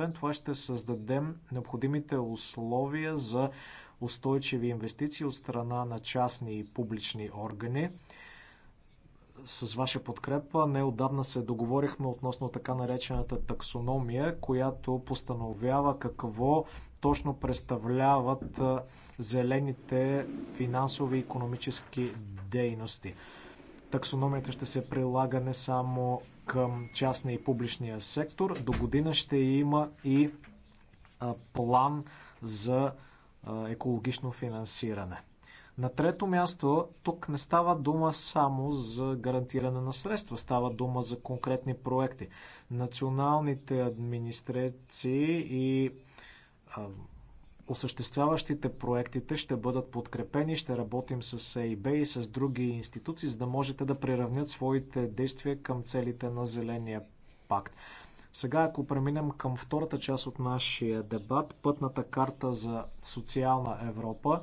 Освен това ще създадем необходимите условия за устойчиви инвестиции от страна на частни и публични органи. С ваша подкрепа неодавна се договорихме относно така наречената таксономия, която постановява какво точно представляват зелените финансови и економически дейности. Таксономията ще се прилага не само към частния и публичния сектор. До година ще има и план за екологично финансиране. На трето място, тук не става дума само за гарантиране на средства, става дума за конкретни проекти. Националните администрации и осъществяващите проектите ще бъдат подкрепени. Ще работим с ЕИБ и с други институции, за да можете да приравнят своите действия към целите на Зеления пакт. Сега, ако преминем към втората част от нашия дебат, пътната карта за социална Европа,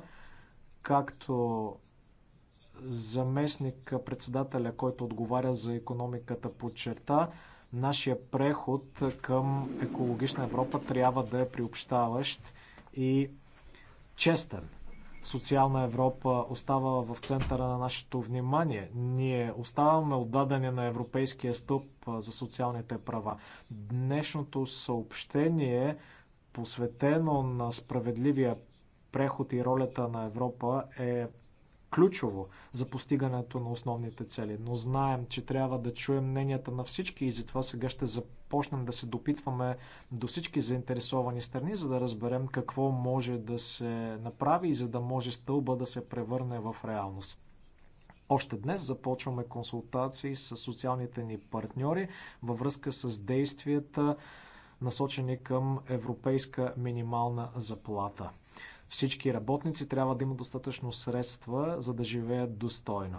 както заместник председателя, който отговаря за економиката, подчерта, нашия преход към екологична Европа трябва да е приобщаващ и честен. Социална Европа остава в центъра на нашето внимание. Ние оставаме отдадени на европейския стълб за социалните права. Днешното съобщение, посветено на справедливия преход и ролята на Европа, е ключово за постигането на основните цели, но знаем, че трябва да чуем мненията на всички и затова сега ще започнем да се допитваме до всички заинтересовани страни, за да разберем какво може да се направи и за да може стълба да се превърне в реалност. Още днес започваме консултации с социалните ни партньори във връзка с действията, насочени към европейска минимална заплата. Всички работници трябва да имат достатъчно средства, за да живеят достойно.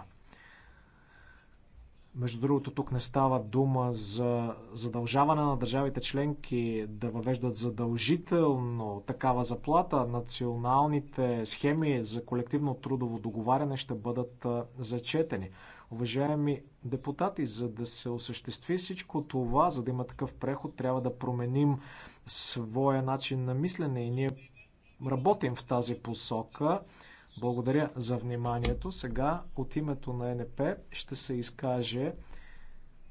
Между другото, тук не става дума за задължаване на държавите членки да въвеждат задължително такава заплата. Националните схеми за колективно трудово договаряне ще бъдат зачетени. Уважаеми депутати, за да се осъществи всичко това, за да има такъв преход, трябва да променим своя начин на мислене и ние работим в тази посока. Благодаря за вниманието. Сега от името на НП ще се изкаже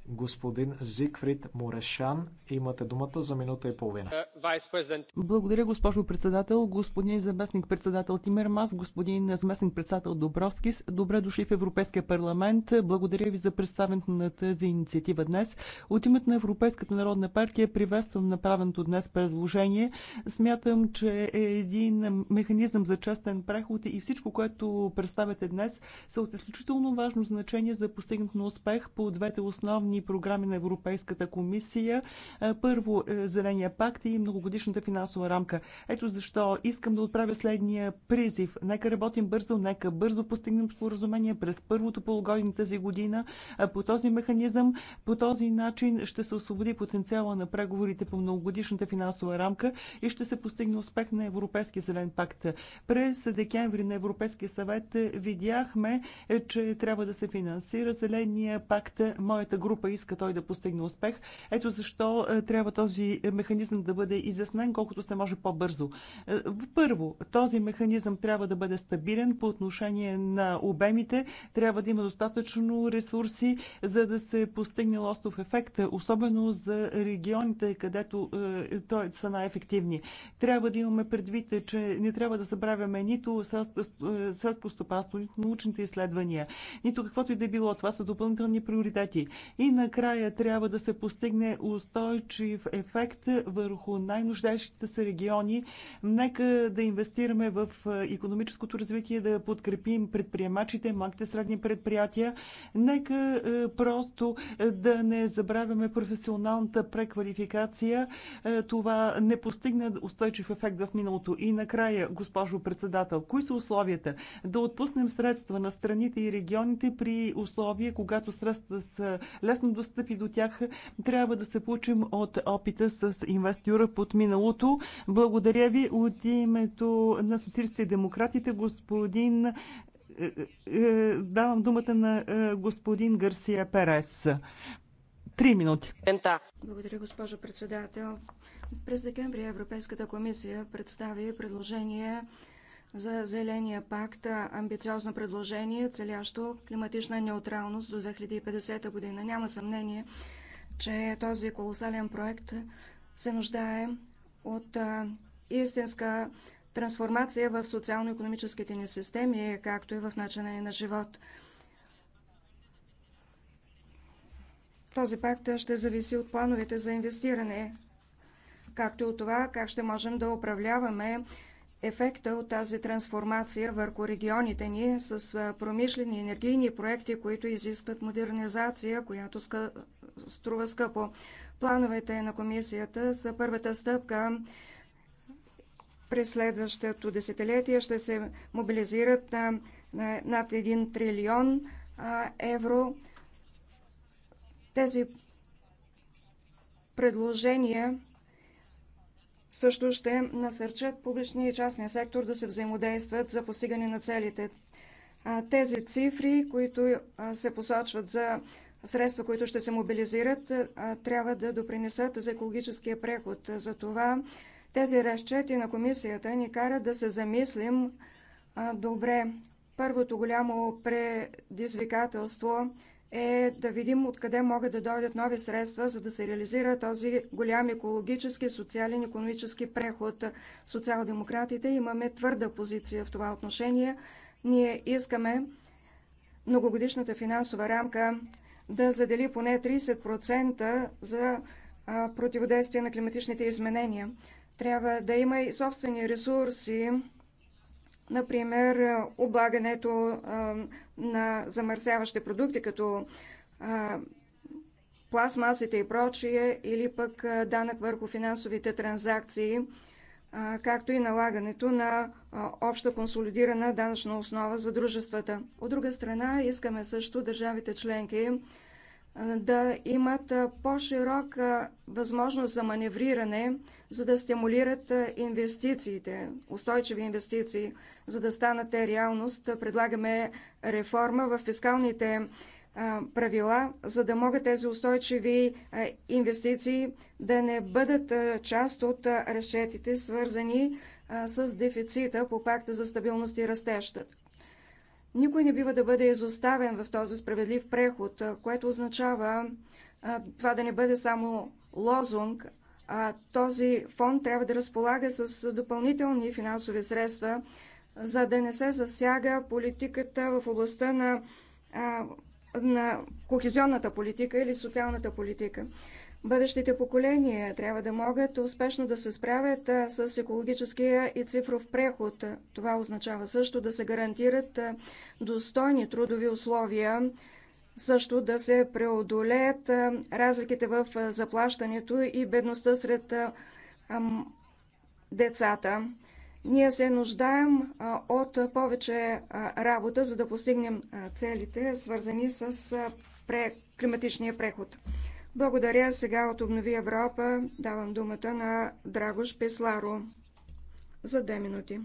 господин Зигфрид Морешан. Имате думата за минута и половина. Uh, Благодаря, госпожо председател, господин заместник председател Тимермас, господин заместник председател Добровскис. Добре дошли в Европейския парламент. Благодаря ви за представенето на тази инициатива днес. От името на Европейската народна партия приветствам направеното днес предложение. Смятам, че е един механизъм за честен преход и всичко, което представяте днес, са от изключително важно значение за постигнат на успех по двете основни оперативни програми на Европейската комисия. Е, първо е, Зеления пакт и многогодишната финансова рамка. Ето защо искам да отправя следния призив. Нека работим бързо, нека бързо постигнем споразумение през първото полугодие тази година. Е, по този механизъм, по този начин ще се освободи потенциала на преговорите по многогодишната финансова рамка и ще се постигне успех на Европейския зелен пакт. През декември на Европейския съвет видяхме, че трябва да се финансира зеления пакт. Моята група иска той да постигне успех. Ето защо е, трябва този механизъм да бъде изяснен колкото се може по-бързо. Е, първо, този механизъм трябва да бъде стабилен по отношение на обемите, трябва да има достатъчно ресурси, за да се постигне лостов ефект, особено за регионите, където е, той са най-ефективни. Трябва да имаме предвид, че не трябва да забравяме нито селско стопанство, нито научните изследвания, нито каквото и да било. Това са допълнителни приоритети. И накрая трябва да се постигне устойчив ефект върху най-нуждащите се региони. Нека да инвестираме в економическото развитие, да подкрепим предприемачите, малките средни предприятия. Нека просто да не забравяме професионалната преквалификация. Това не постигна устойчив ефект в миналото. И накрая, госпожо председател, кои са условията? Да отпуснем средства на страните и регионите при условия, когато средства са лесно лесно достъпи до тях. Трябва да се получим от опита с инвестюра под миналото. Благодаря ви от името на социалистите и демократите, господин е, е, е, давам думата на господин Гарсия Перес. Три минути. Благодаря, госпожо председател. През декември Европейската комисия представи предложение за Зеления пакт амбициозно предложение, целящо климатична неутралност до 2050 година. Няма съмнение, че този колосален проект се нуждае от истинска трансформация в социално-економическите ни системи, както и в начина ни на живот. Този пакт ще зависи от плановете за инвестиране, както и от това как ще можем да управляваме ефекта от тази трансформация върху регионите ни с промишлени енергийни проекти, които изискват модернизация, която струва скъпо. Плановете на комисията са първата стъпка през следващото десетилетие ще се мобилизират над 1 трилион евро. Тези предложения също ще насърчат публичния и частния сектор да се взаимодействат за постигане на целите. Тези цифри, които се посочват за средства, които ще се мобилизират, трябва да допринесат за екологическия преход. За това тези разчети на комисията ни карат да се замислим добре. Първото голямо предизвикателство е да видим откъде могат да дойдат нови средства, за да се реализира този голям екологически, социален, економически преход. Социал-демократите имаме твърда позиция в това отношение. Ние искаме многогодишната финансова рамка да задели поне 30% за противодействие на климатичните изменения. Трябва да има и собствени ресурси Например, е, облагането е, на замърсяващи продукти, като е, пластмасите и прочие, или пък данък върху финансовите транзакции, както и налагането на обща консолидирана данъчна основа за дружествата. От друга страна, искаме също държавите членки да имат по-широка възможност за маневриране, за да стимулират инвестициите, устойчиви инвестиции, за да станат те реалност. Предлагаме реформа в фискалните правила, за да могат тези устойчиви инвестиции да не бъдат част от разчетите, свързани с дефицита по пакта за стабилност и растещата. Никой не бива да бъде изоставен в този справедлив преход, което означава това да не бъде само лозунг, а този фонд трябва да разполага с допълнителни финансови средства, за да не се засяга политиката в областта на, на кохезионната политика или социалната политика. Бъдещите поколения трябва да могат успешно да се справят с екологическия и цифров преход. Това означава също да се гарантират достойни трудови условия, също да се преодолеят разликите в заплащането и бедността сред децата. Ние се нуждаем от повече работа, за да постигнем целите, свързани с климатичния преход. Благодаря. Сега от Обнови Европа давам думата на Драгош Песларо за две минути.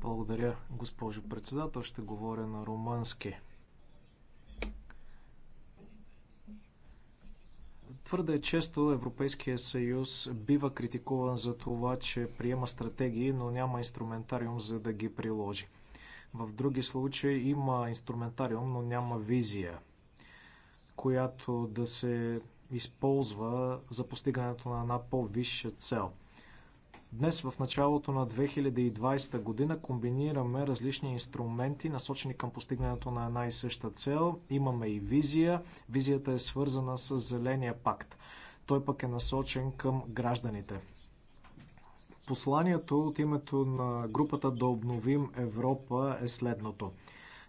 Благодаря, госпожо председател. Ще говоря на романски. Твърде често Европейския съюз бива критикуван за това, че приема стратегии, но няма инструментариум за да ги приложи. В други случаи има инструментариум, но няма визия – която да се използва за постигането на една по-висша цел. Днес в началото на 2020 година комбинираме различни инструменти, насочени към постигането на една и съща цел. Имаме и визия. Визията е свързана с Зеления пакт. Той пък е насочен към гражданите. Посланието от името на групата Да обновим Европа е следното.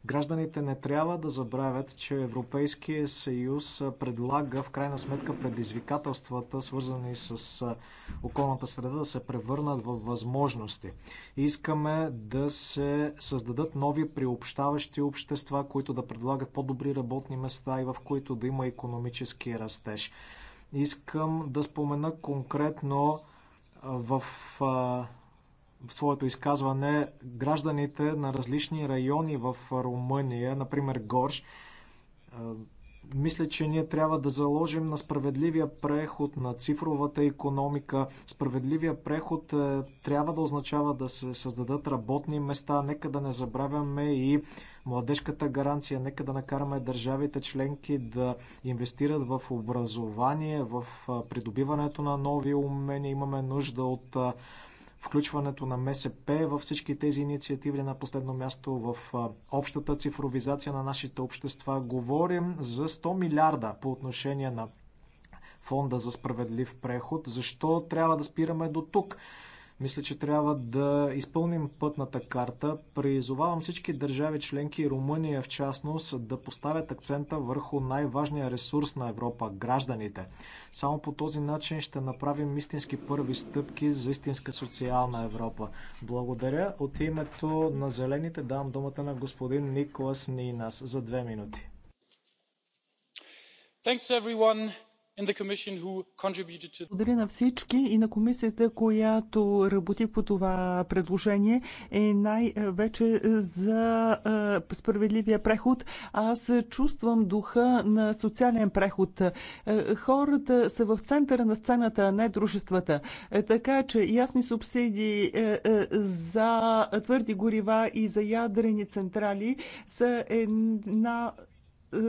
Гражданите не трябва да забравят, че Европейския съюз предлага в крайна сметка предизвикателствата, свързани с околната среда, да се превърнат в възможности. Искаме да се създадат нови приобщаващи общества, които да предлагат по-добри работни места и в които да има економически растеж. Искам да спомена конкретно в в своето изказване гражданите на различни райони в Румъния, например Горш, мисля, че ние трябва да заложим на справедливия преход, на цифровата економика. Справедливия преход е, трябва да означава да се създадат работни места. Нека да не забравяме и младежката гаранция. Нека да накараме държавите членки да инвестират в образование, в придобиването на нови умения. Имаме нужда от включването на МСП във всички тези инициативи на последно място в общата цифровизация на нашите общества. Говорим за 100 милиарда по отношение на фонда за справедлив преход. Защо трябва да спираме до тук? Мисля, че трябва да изпълним пътната карта. Призовавам всички държави членки и Румъния в частност да поставят акцента върху най-важния ресурс на Европа – гражданите. Само по този начин ще направим истински първи стъпки за истинска социална Европа. Благодаря. От името на Зелените давам думата на господин Николас Нинас за две минути. Thanks everyone. Благодаря на всички и на комисията, която работи по това предложение е най-вече за справедливия преход. Аз чувствам духа на социален преход. Хората са в центъра на сцената, а не дружествата. Така че ясни субсидии за твърди горива и за ядрени централи са една е,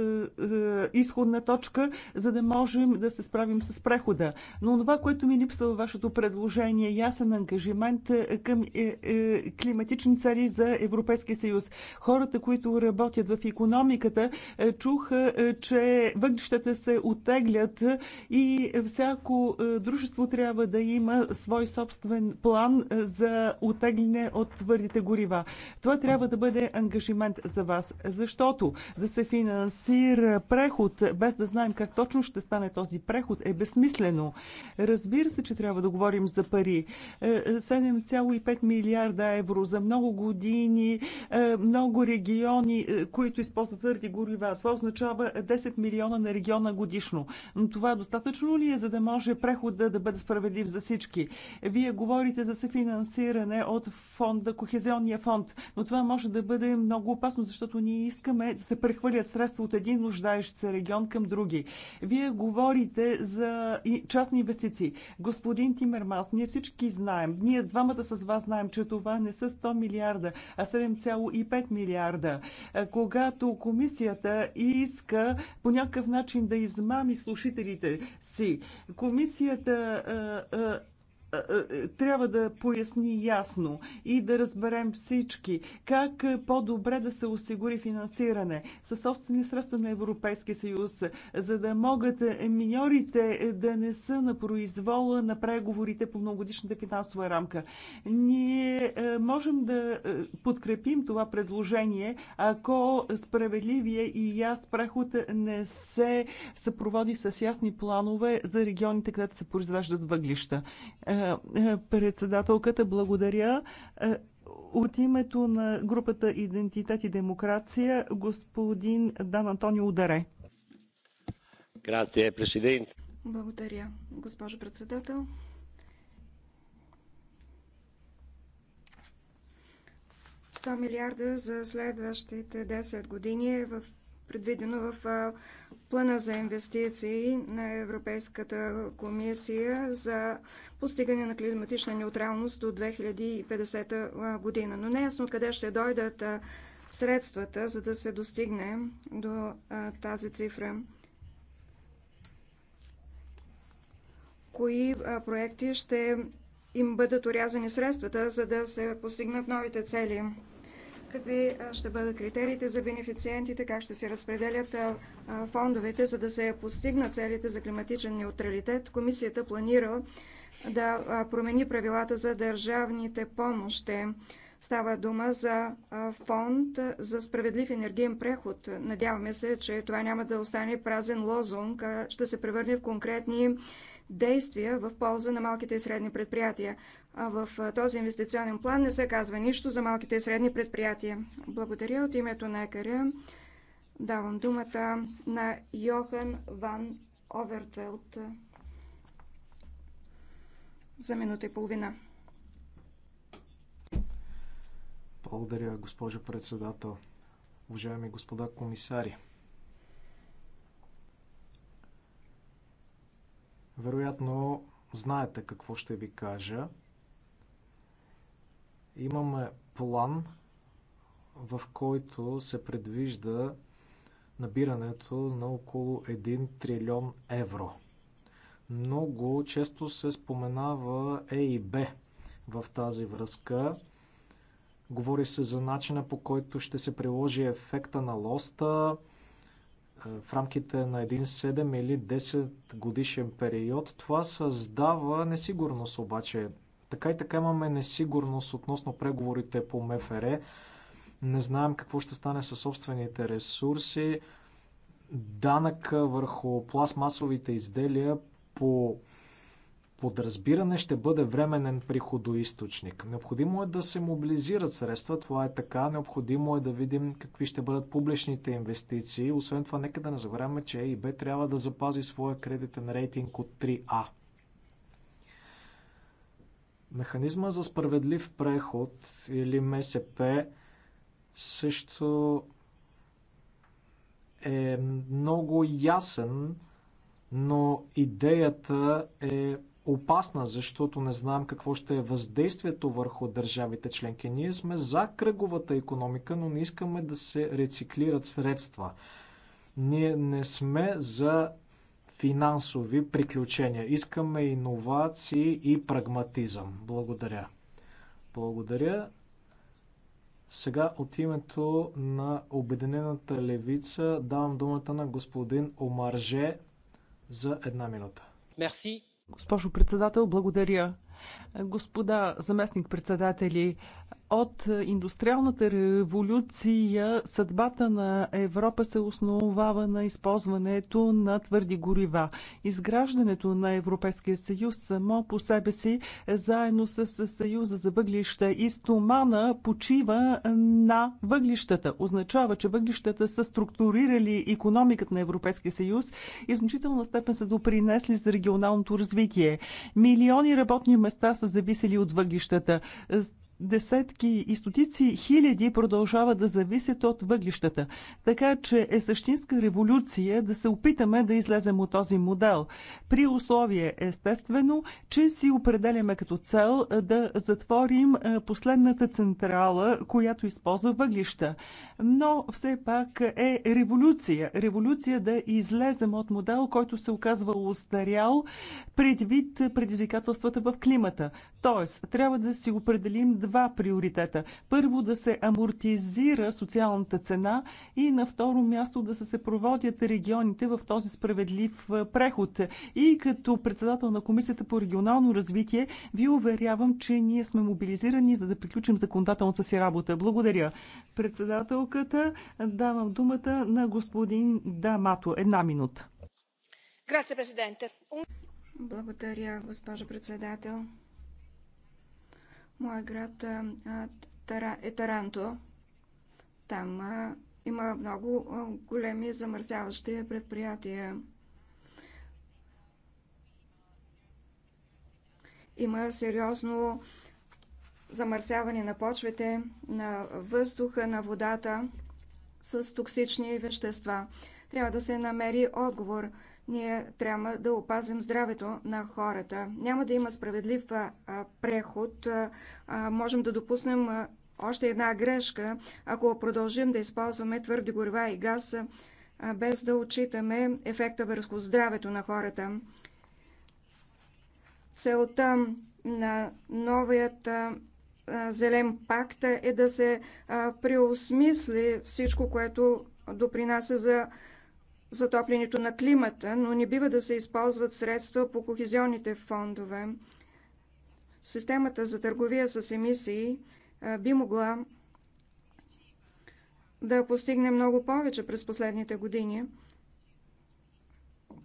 е, изходна точка, за да можем да се справим с прехода. Но това, което ми липсва във вашето предложение, е ясен ангажимент към климатични цели за Европейския съюз. Хората, които работят в економиката, чуха, че въглищата се отеглят и всяко дружество трябва да има свой собствен план за отегляне от твърдите горива. Това трябва да бъде ангажимент за вас, защото да се финансира финансира преход, без да знаем как точно ще стане този преход, е безсмислено. Разбира се, че трябва да говорим за пари. 7,5 е, е, милиарда евро за много години, е, много региони, които използват твърди горива. Това означава 10 милиона на региона годишно. Но това достатъчно ли е, за да може прехода да бъде справедлив за всички? Вие говорите за съфинансиране от фонда, Кохезионния фонд, но това може да бъде много опасно, защото ние искаме да се прехвърлят средства от един нуждаещ се регион към други. Вие говорите за частни инвестиции. Господин Тимермас, ние всички знаем, ние двамата с вас знаем, че това не са 100 милиарда, а 7,5 милиарда. Е, когато комисията иска по някакъв начин да измами слушателите си, комисията е, е, трябва да поясни ясно и да разберем всички как по-добре да се осигури финансиране със собствени средства на Европейския съюз, за да могат миньорите да не са на произвола на преговорите по многодишната финансова рамка. Ние можем да подкрепим това предложение, ако справедливия и яс преход не се съпроводи с ясни планове за регионите, където се произвеждат въглища. Председателката, благодаря. Е, от името на групата Идентитет и демокрация, господин Дан Антонио Ударе. Грация, президент. Благодаря, госпожо председател. Сто милиарда за следващите 10 години е в предвидено в плана за инвестиции на Европейската комисия за постигане на климатична неутралност до 2050 година. Но не е ясно откъде ще дойдат средствата, за да се достигне до тази цифра. Кои проекти ще им бъдат урязани средствата, за да се постигнат новите цели? какви ще бъдат критериите за бенефициентите, как ще се разпределят фондовете, за да се постигнат целите за климатичен неутралитет. Комисията планира да промени правилата за държавните помощи. Става дума за фонд за справедлив енергиен преход. Надяваме се, че това няма да остане празен лозунг, а ще се превърне в конкретни действия в полза на малките и средни предприятия в този инвестиционен план не се казва нищо за малките и средни предприятия. Благодаря от името на екаря. Давам думата на Йохан Ван Овертвелт за минута и половина. Благодаря, госпожо председател. Уважаеми господа комисари, вероятно знаете какво ще ви кажа. Имаме план, в който се предвижда набирането на около 1 трилион евро. Много често се споменава Е и Б в тази връзка. Говори се за начина по който ще се приложи ефекта на лоста е, в рамките на един 7 или 10 годишен период. Това създава несигурност обаче така и така имаме несигурност относно преговорите по МФР. Не знаем какво ще стане със собствените ресурси. Данък върху пластмасовите изделия по подразбиране ще бъде временен приходоисточник. Необходимо е да се мобилизират средства, това е така. Необходимо е да видим какви ще бъдат публичните инвестиции. Освен това, нека да не забравяме, че ЕИБ трябва да запази своя кредитен рейтинг от 3А. Механизма за справедлив преход или МСП също е много ясен, но идеята е опасна, защото не знаем какво ще е въздействието върху държавите членки. Ние сме за кръговата економика, но не искаме да се рециклират средства. Ние не сме за финансови приключения. Искаме иновации и прагматизъм. Благодаря. Благодаря. Сега от името на Обединената левица давам думата на господин Омарже за една минута. Мерси. Госпожо председател, благодаря. Господа заместник председатели, от индустриалната революция съдбата на Европа се основава на използването на твърди горива. Изграждането на Европейския съюз само по себе си, заедно с Съюза за въглища и стомана, почива на въглищата. Означава, че въглищата са структурирали економиката на Европейския съюз и в значителна степен са допринесли за регионалното развитие. Милиони работни места са зависели от въглищата десетки и стотици хиляди продължават да зависят от въглищата. Така че е същинска революция да се опитаме да излезем от този модел. При условие, естествено, че си определяме като цел да затворим последната централа, която използва въглища. Но все пак е революция. Революция да излезем от модел, който се оказва устарял предвид предизвикателствата в климата. Тоест, трябва да си определим два приоритета. Първо да се амортизира социалната цена и на второ място да се проводят регионите в този справедлив преход. И като председател на Комисията по регионално развитие ви уверявам, че ние сме мобилизирани за да приключим законодателната си работа. Благодаря. Председателката давам думата на господин Дамато. Една минута. Благодаря, госпожо председател. Моя град е Таранто. Там има много големи замърсяващи предприятия. Има сериозно замърсяване на почвите, на въздуха, на водата с токсични вещества. Трябва да се намери отговор. Ние трябва да опазим здравето на хората. Няма да има справедлив преход. Можем да допуснем още една грешка, ако продължим да използваме твърди горива и газ, без да отчитаме ефекта върху здравето на хората. Целта на новият зелен пакт е да се преосмисли всичко, което допринася за затоплянето на климата, но не бива да се използват средства по кохезионните фондове. Системата за търговия с емисии би могла да постигне много повече през последните години.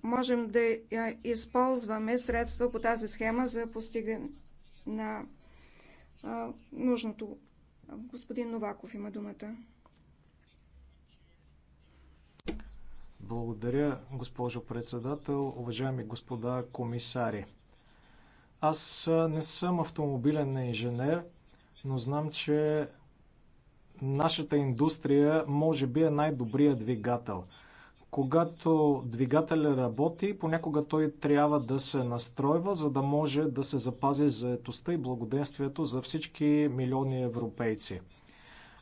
Можем да използваме средства по тази схема за постигане на нужното. Господин Новаков има думата. Благодаря, госпожо председател, уважаеми господа комисари. Аз не съм автомобилен инженер, но знам, че нашата индустрия може би е най-добрият двигател. Когато двигателя работи, понякога той трябва да се настройва, за да може да се запази заетостта и благоденствието за всички милиони европейци.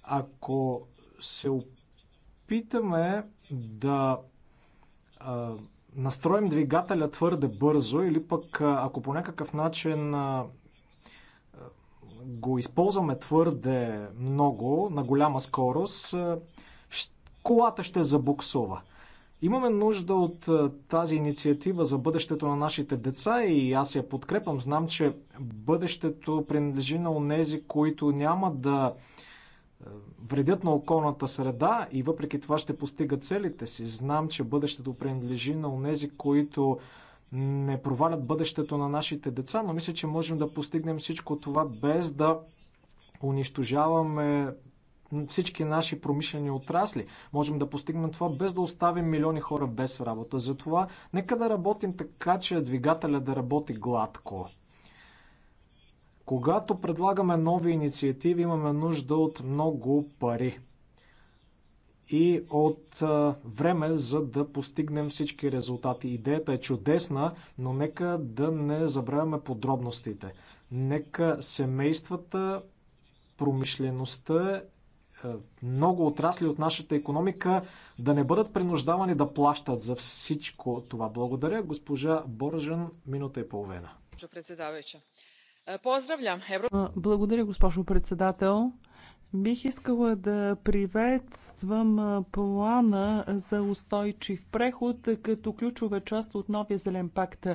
Ако се опитаме да настроим двигателя твърде бързо или пък ако по някакъв начин го използваме твърде много, на голяма скорост, колата ще забуксува. Имаме нужда от тази инициатива за бъдещето на нашите деца и аз я подкрепам. Знам, че бъдещето принадлежи на онези, които няма да вредят на околната среда и въпреки това ще постигат целите си. Знам, че бъдещето принадлежи на онези, които не провалят бъдещето на нашите деца, но мисля, че можем да постигнем всичко това без да унищожаваме всички наши промишлени отрасли. Можем да постигнем това без да оставим милиони хора без работа. Затова нека да работим така, че двигателя да работи гладко. Когато предлагаме нови инициативи, имаме нужда от много пари и от време, за да постигнем всички резултати. Идеята е чудесна, но нека да не забравяме подробностите. Нека семействата, промишлеността, е, много отрасли от нашата економика да не бъдат принуждавани да плащат за всичко това. Благодаря, госпожа Боржан, минута и половина. председавайте. Поздравлям. Благодаря, госпожо председател. Бих искала да приветствам плана за устойчив преход като ключова част от новия зелен пакт.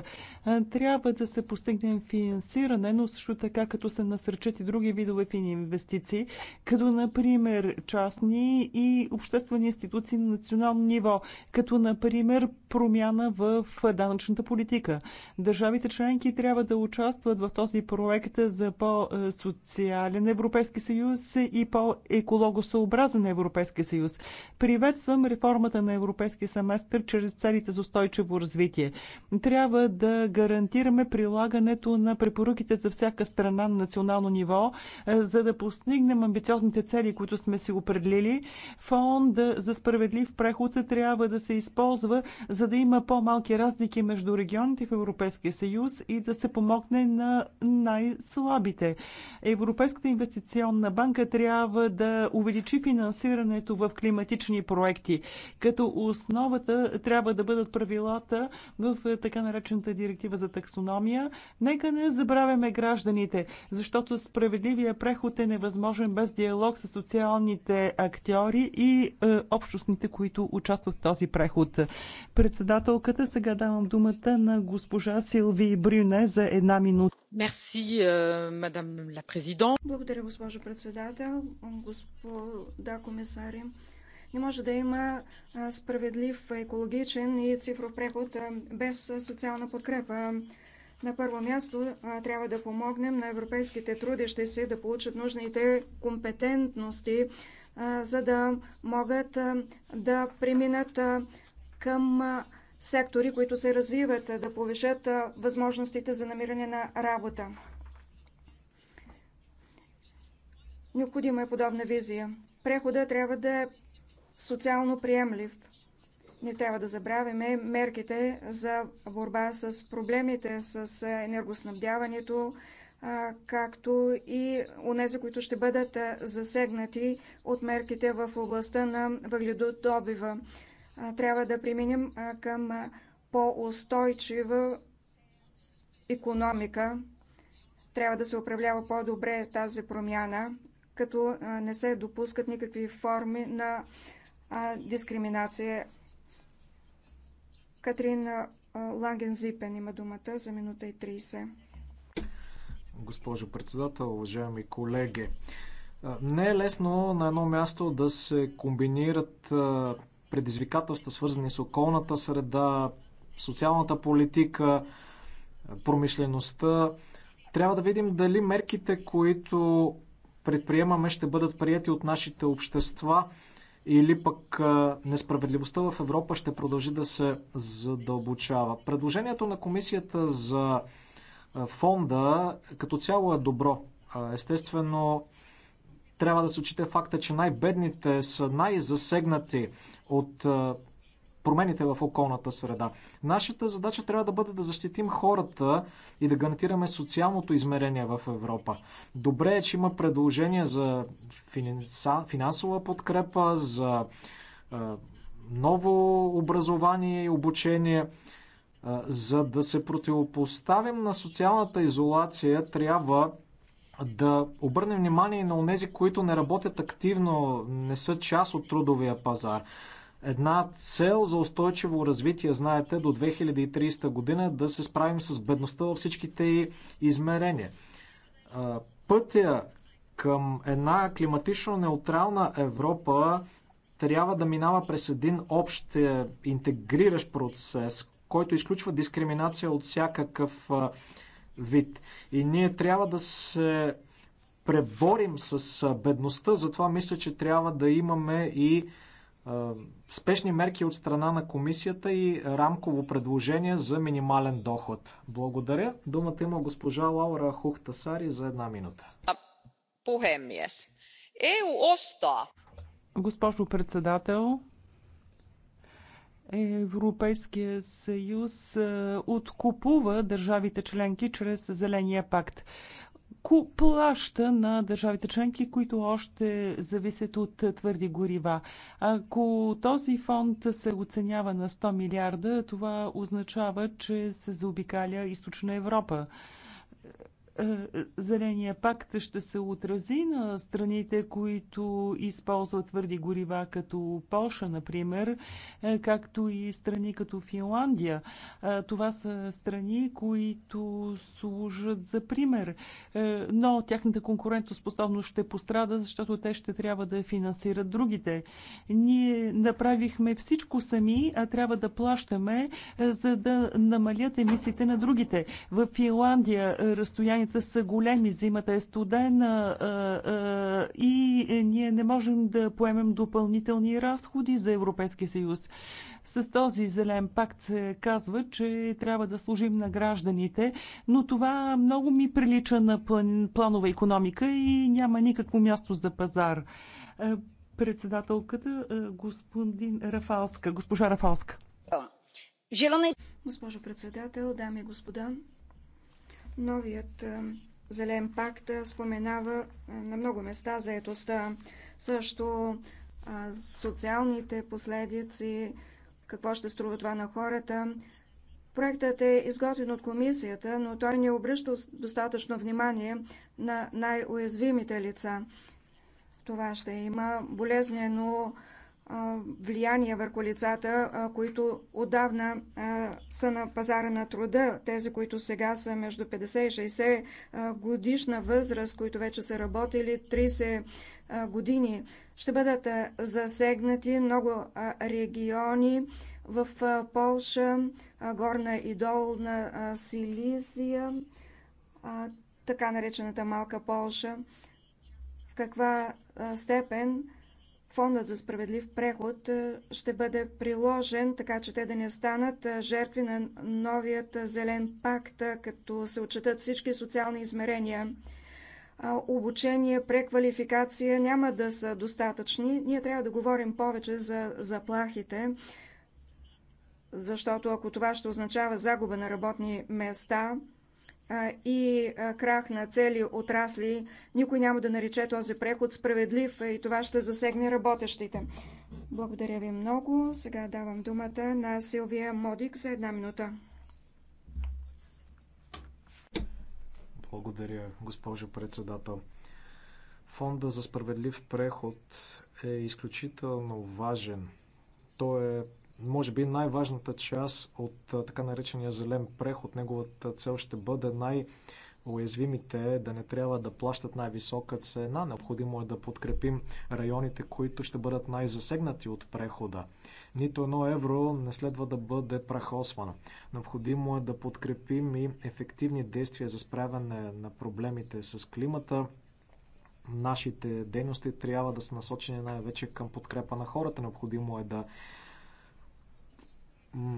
Трябва да се постигне финансиране, но също така като се насърчат и други видове фини инвестиции, като например частни и обществени институции на национално ниво, като например промяна в данъчната политика. Държавите членки трябва да участват в този проект за по-социален Европейски съюз и по-екологосъобразен Европейски съюз. Приветствам реформата на Европейски семестър чрез целите за устойчиво развитие. Трябва да гарантираме прилагането на препоръките за всяка страна на национално ниво, е, за да постигнем амбициозните цели, които сме си определили. Фонд за справедлив преход трябва да се използва, за да има по-малки разлики между регионите в Европейския съюз и да се помогне на най-слабите. Европейската инвестиционна банка трябва трябва да увеличи финансирането в климатични проекти, като основата трябва да бъдат правилата в е, така наречената директива за таксономия. Нека не забравяме гражданите, защото справедливия преход е невъзможен без диалог с социалните актьори и е, общностните, които участват в този преход. Председателката, сега давам думата на госпожа Силви Брюне за една минута. Мерси, мадам ла президент. Благодаря, госпожо председател господа комисари. Не може да има справедлив, екологичен и цифров преход без социална подкрепа. На първо място трябва да помогнем на европейските трудещи се да получат нужните компетентности, за да могат да преминат към сектори, които се развиват, да повишат възможностите за намиране на работа. Необходима е подобна визия. Прехода трябва да е социално приемлив. Не трябва да забравяме мерките за борба с проблемите с енергоснабдяването, както и онези, които ще бъдат засегнати от мерките в областта на въгледодобива. Трябва да преминем към по-устойчива економика. Трябва да се управлява по-добре тази промяна като не се допускат никакви форми на дискриминация. Катрин Ланген-Зипен има думата за минута и 30. Госпожо председател, уважаеми колеги, не е лесно на едно място да се комбинират предизвикателства, свързани с околната среда, социалната политика, промишлеността. Трябва да видим дали мерките, които предприемаме, ще бъдат прияти от нашите общества или пък несправедливостта в Европа ще продължи да се задълбочава. Предложението на комисията за фонда като цяло е добро. Естествено, трябва да се учите факта, че най-бедните са най-засегнати от промените в околната среда. Нашата задача трябва да бъде да защитим хората и да гарантираме социалното измерение в Европа. Добре е, че има предложения за финансова подкрепа, за ново образование и обучение. За да се противопоставим на социалната изолация, трябва да обърнем внимание на онези, които не работят активно, не са част от трудовия пазар една цел за устойчиво развитие, знаете, до 2030 година да се справим с бедността във всичките й измерения. Пътя към една климатично неутрална Европа трябва да минава през един общ е, интегриращ процес, който изключва дискриминация от всякакъв вид. И ние трябва да се преборим с бедността, затова мисля, че трябва да имаме и спешни мерки от страна на комисията и рамково предложение за минимален доход. Благодаря. Думата има госпожа Лаура Хухтасари за една минута. E Госпожо председател, Европейския съюз откупува държавите членки чрез Зеления пакт плаща на държавите членки, които още зависят от твърди горива. Ако този фонд се оценява на 100 милиарда, това означава, че се заобикаля източна Европа. Е, Зеления пакт ще се отрази на страните, които използват твърди горива, като Польша, например, е, както и страни като Финландия. Е, Това са страни, които служат за пример, но тяхната конкурентоспособност ще пострада, защото те ще трябва да финансират другите. Ние направихме всичко сами, а трябва да плащаме, за да намалят емисиите на другите. В Финландия разстояние разстоянията са големи, зимата е студена и е, ние не можем да поемем допълнителни разходи за Европейския съюз. С този зелен пакт се казва, че трябва да служим на гражданите, но това много ми прилича на планова економика и няма никакво място за пазар. Председателката господин Рафалска, госпожа Рафалска. Госпожо председател, дами и господа, Новият зелен пакт споменава на много места заетостта, също социалните последици, какво ще струва това на хората. Проектът е изготвен от комисията, но той не обръща достатъчно внимание на най-уязвимите лица. Това ще има болезнено влияние върху лицата, които отдавна са на пазара на труда, тези, които сега са между 50 и 60 годишна възраст, които вече са работили 30 години. Ще бъдат засегнати много региони в Полша, Горна и Долна Силисия, така наречената Малка Полша. В каква степен фондът за справедлив преход е, ще бъде приложен, така че те да не станат е, жертви на новият е, зелен пакт, като се отчитат всички социални измерения. Обучение, преквалификация няма да са достатъчни. Ние трябва да говорим повече за заплахите, защото ако това ще означава загуба на работни места, и крах на цели отрасли. Никой няма да нарече този преход справедлив и това ще засегне работещите. Благодаря ви много. Сега давам думата на Силвия Модик за една минута. Благодаря, госпожо председател. Фонда за справедлив преход е изключително важен. Той е може би най-важната част от така наречения зелен преход, неговата цел ще бъде най- уязвимите да не трябва да плащат най-висока цена. Необходимо е да подкрепим районите, които ще бъдат най-засегнати от прехода. Нито едно евро не следва да бъде прахосвано. Необходимо е да подкрепим и ефективни действия за справяне на проблемите с климата. Нашите дейности трябва да са насочени най-вече към подкрепа на хората. Необходимо е да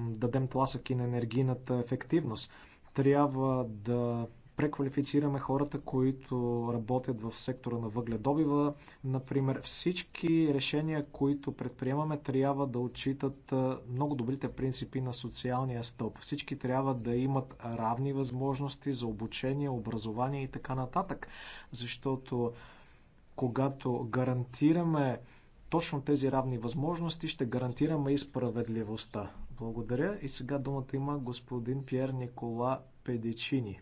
дадем тласък и на енергийната ефективност. Трябва да преквалифицираме хората, които работят в сектора на въгледобива. Например, всички решения, които предприемаме, трябва да отчитат много добрите принципи на социалния стълб. Всички трябва да имат равни възможности за обучение, образование и така нататък. Защото когато гарантираме точно тези равни възможности, ще гарантираме и справедливостта. Благодаря. И сега думата има господин Пьер Никола Педичини.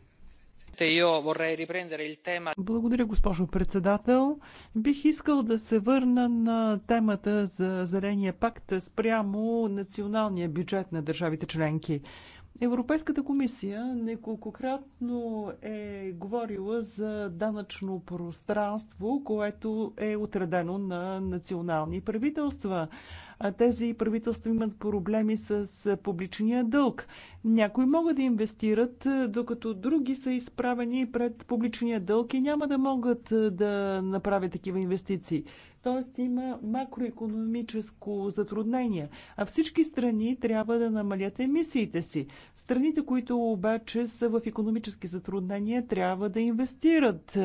Благодаря, госпожо председател. Бих искал да се върна на темата за Зеления пакт спрямо националния бюджет на държавите членки. Европейската комисия неколкократно е говорила за данъчно пространство, което е отредено на национални правителства а тези правителства имат проблеми с публичния дълг. Някои могат да инвестират, е, докато други са изправени пред публичния дълг и няма да могат е, да направят такива инвестиции. Тоест има макроекономическо затруднение. А всички страни трябва да намалят емисиите си. Страните, които обаче са в економически затруднения, трябва да инвестират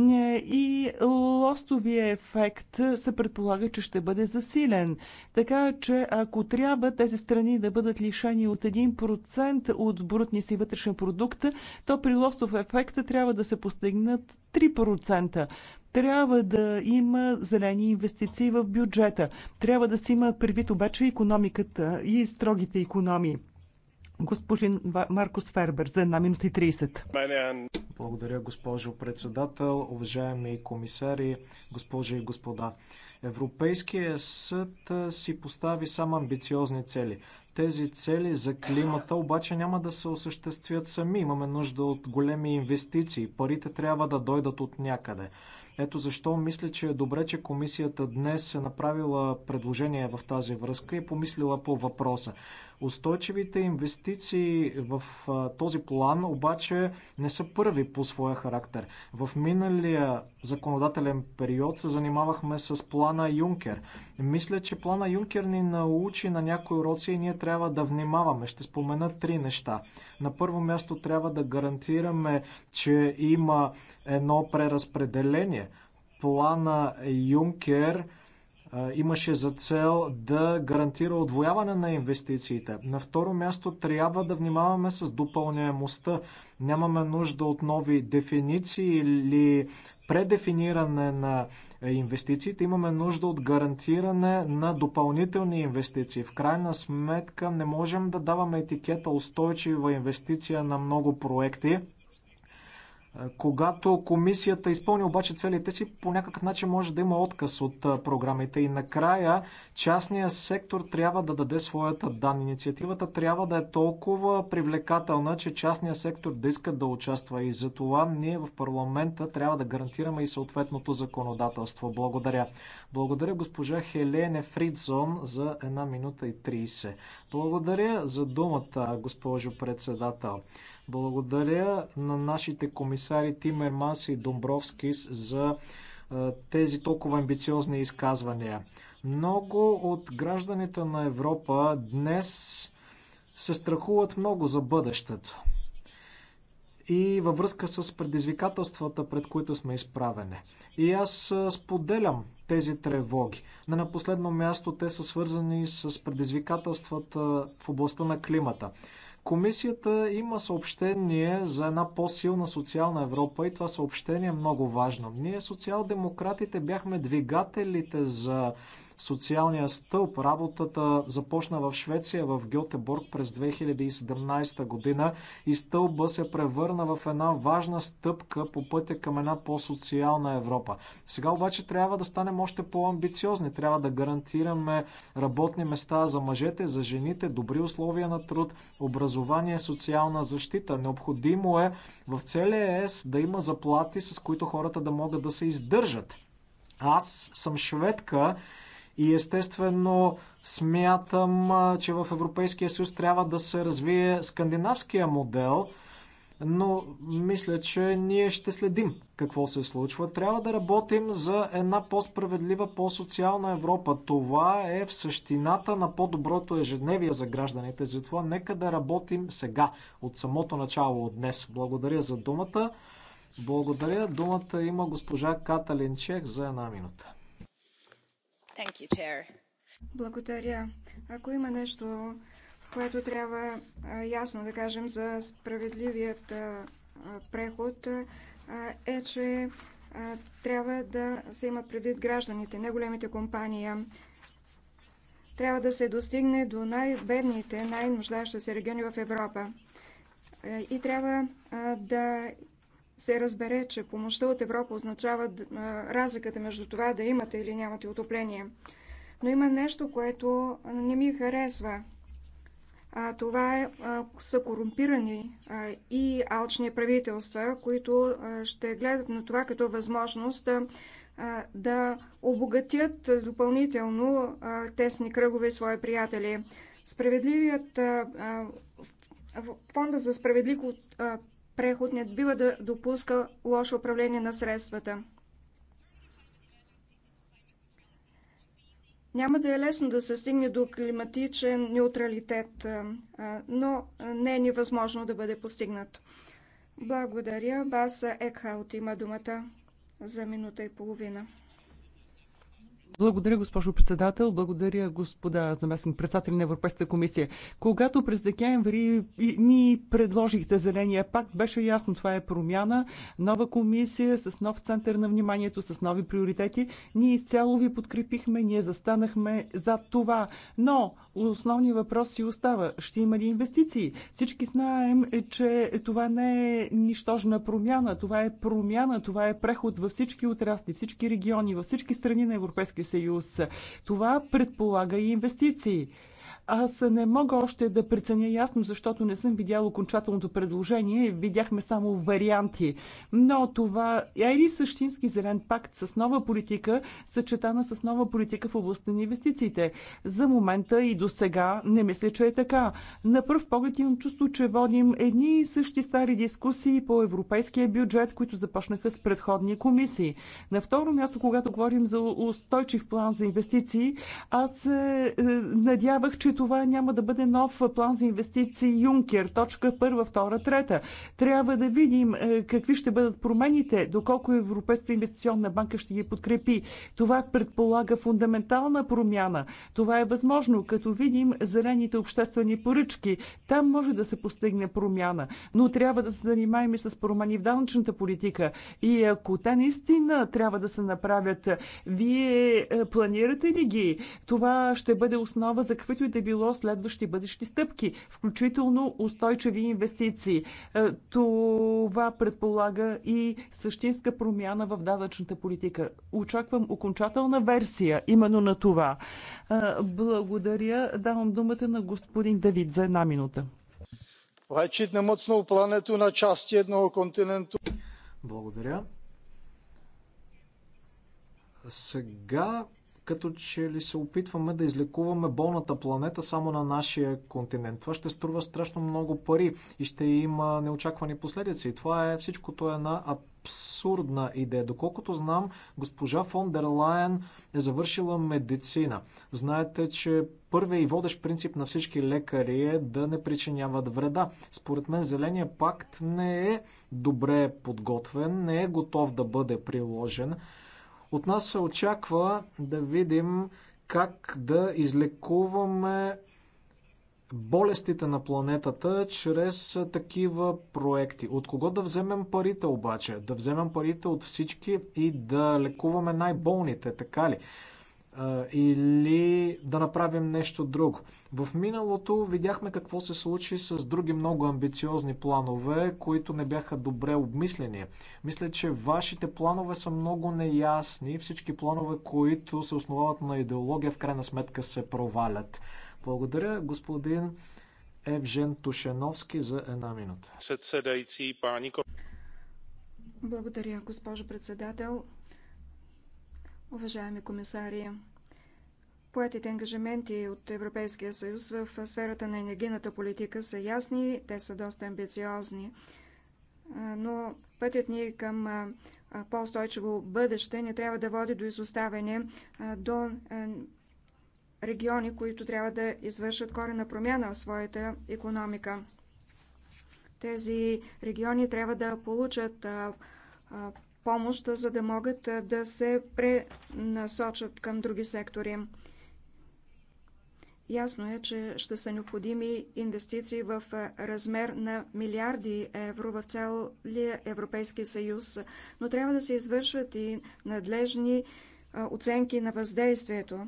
и лостовия ефект се предполага, че ще бъде засилен. Така че ако трябва тези страни да бъдат лишени от 1% от брутния си вътрешен продукт, то при лостов ефект трябва да се постигнат 3% трябва да има зелени инвестиции в бюджета. Трябва да се има предвид обаче економиката и строгите економии. Господин Маркос Фербер за една минута и 30. Благодаря, госпожо председател, уважаеми комисари, госпожи и господа. Европейския съд си постави само амбициозни цели. Тези цели за климата обаче няма да се осъществят сами. Имаме нужда от големи инвестиции. Парите трябва да дойдат от някъде. Ето защо мисля, че е добре, че комисията днес е направила предложение в тази връзка и помислила по въпроса. Устойчивите инвестиции в този план обаче не са първи по своя характер. В миналия законодателен период се занимавахме с плана Юнкер. Мисля, че плана Юнкер ни научи на някои уроци и ние трябва да внимаваме. Ще спомена три неща. На първо място трябва да гарантираме, че има едно преразпределение. Плана Юнкер имаше за цел да гарантира отвояване на инвестициите. На второ място трябва да внимаваме с допълняемостта. Нямаме нужда от нови дефиниции или предефиниране на инвестициите. Имаме нужда от гарантиране на допълнителни инвестиции. В крайна сметка не можем да даваме етикета устойчива инвестиция на много проекти когато комисията изпълни обаче целите си, по някакъв начин може да има отказ от програмите. И накрая частният сектор трябва да даде своята дан. Инициативата трябва да е толкова привлекателна, че частният сектор да иска да участва. И за това ние в парламента трябва да гарантираме и съответното законодателство. Благодаря. Благодаря госпожа Хелене Фридзон за една минута и 30. Благодаря за думата, госпожо председател. Благодаря на нашите комисари Тимерманс и Домбровскис за тези толкова амбициозни изказвания. Много от гражданите на Европа днес се страхуват много за бъдещето и във връзка с предизвикателствата, пред които сме изправени. И аз споделям тези тревоги. Не на последно място те са свързани с предизвикателствата в областта на климата. Комисията има съобщение за една по-силна социална Европа и това съобщение е много важно. Ние, социал-демократите, бяхме двигателите за социалния стълб. Работата започна в Швеция, в Гьотеборг през 2017 година и стълба се превърна в една важна стъпка по пътя към една по-социална Европа. Сега обаче трябва да станем още по-амбициозни. Трябва да гарантираме работни места за мъжете, за жените, добри условия на труд, образование, социална защита. Необходимо е в целия ЕС да има заплати, с които хората да могат да се издържат. Аз съм шведка и естествено смятам, че в Европейския съюз трябва да се развие скандинавския модел, но мисля, че ние ще следим какво се случва. Трябва да работим за една по-справедлива, по-социална Европа. Това е в същината на по-доброто ежедневие за гражданите. Затова нека да работим сега, от самото начало, от днес. Благодаря за думата. Благодаря. Думата има госпожа Каталин Чех за една минута. You, Благодаря. Ако има нещо, което трябва ясно да кажем за справедливият преход, е, че трябва да се имат предвид гражданите, не големите компании. Трябва да се достигне до най-бедните, най-нуждащи се региони в Европа. Е, и трябва да се разбере, че помощта от Европа означава разликата между това да имате или нямате отопление. Но има нещо, което не ми харесва. А, това е, а, са корумпирани а, и алчни правителства, които а, ще гледат на това като възможност а, да обогатят допълнително а, тесни кръгове свои приятели. Справедливият а, а, фонда за справедливо преход не бива да допуска лошо управление на средствата. Няма да е лесно да се стигне до климатичен неутралитет, но не е невъзможно да бъде постигнат. Благодаря. Баса Екхаут има думата за минута и половина. Благодаря, госпожо председател. Благодаря, господа заместник председатели на Европейската комисия. Когато през декември ни предложихте зеления пакт, беше ясно, това е промяна, нова комисия с нов център на вниманието, с нови приоритети. Ние изцяло ви подкрепихме, ние застанахме за това. Но основният въпрос си остава. Ще има ли инвестиции? Всички знаем, че това не е нищожна промяна. Това е промяна, това е преход във всички отрасли, всички региони, във всички страни на Европейския съюз. Това предполага и инвестиции. Аз не мога още да преценя ясно, защото не съм видял окончателното предложение. Видяхме само варианти. Но това е ли същински зелен пакт с нова политика, съчетана с нова политика в областта на инвестициите? За момента и до сега не мисля, че е така. На пръв поглед имам чувство, че водим едни и същи стари дискусии по европейския бюджет, които започнаха с предходни комисии. На второ място, когато говорим за устойчив план за инвестиции, аз се е, надявах, че това няма да бъде нов план за инвестиции Юнкер, точка първа, втора, трета. Трябва да видим е, какви ще бъдат промените, доколко Европейската инвестиционна банка ще ги подкрепи. Това предполага фундаментална промяна. Това е възможно, като видим зелените обществени поръчки. Там може да се постигне промяна, но трябва да се занимаем и с промени в данъчната политика. И ако те наистина трябва да се направят, вие е, планирате ли ги? Това ще бъде основа за каквито и да било следващи бъдещи стъпки, включително устойчиви инвестиции. Е, това предполага и същинска промяна в данъчната политика. Очаквам окончателна версия именно на това. Е, благодаря. Давам думата на господин Давид за една минута. Лечит немоцnou планету на части едного континенту. Благодаря. Сега като че ли се опитваме да излекуваме болната планета само на нашия континент. Това ще струва страшно много пари и ще има неочаквани последици. И това е всичкото е една абсурдна идея. Доколкото знам, госпожа фон дер Лайен е завършила медицина. Знаете, че първият и водещ принцип на всички лекари е да не причиняват вреда. Според мен Зеления пакт не е добре подготвен, не е готов да бъде приложен. От нас се очаква да видим как да излекуваме болестите на планетата чрез такива проекти. От кого да вземем парите обаче? Да вземем парите от всички и да лекуваме най-болните, така ли? или да направим нещо друго. В миналото видяхме какво се случи с други много амбициозни планове, които не бяха добре обмислени. Мисля, че вашите планове са много неясни. Всички планове, които се основават на идеология, в крайна сметка се провалят. Благодаря, господин Евжен Тушеновски, за една минута. Благодаря, госпожо председател. Уважаеми комисари, поетите ангажименти от Европейския съюз в сферата на енергийната политика са ясни, те са доста амбициозни, но пътят ни към по-устойчиво бъдеще не трябва да води до изоставяне до региони, които трябва да извършат корена промяна в своята економика. Тези региони трябва да получат помощ, за да могат да се пренасочат към други сектори. Ясно е, че ще са необходими инвестиции в размер на милиарди евро в целия Европейски съюз, но трябва да се извършват и надлежни оценки на въздействието.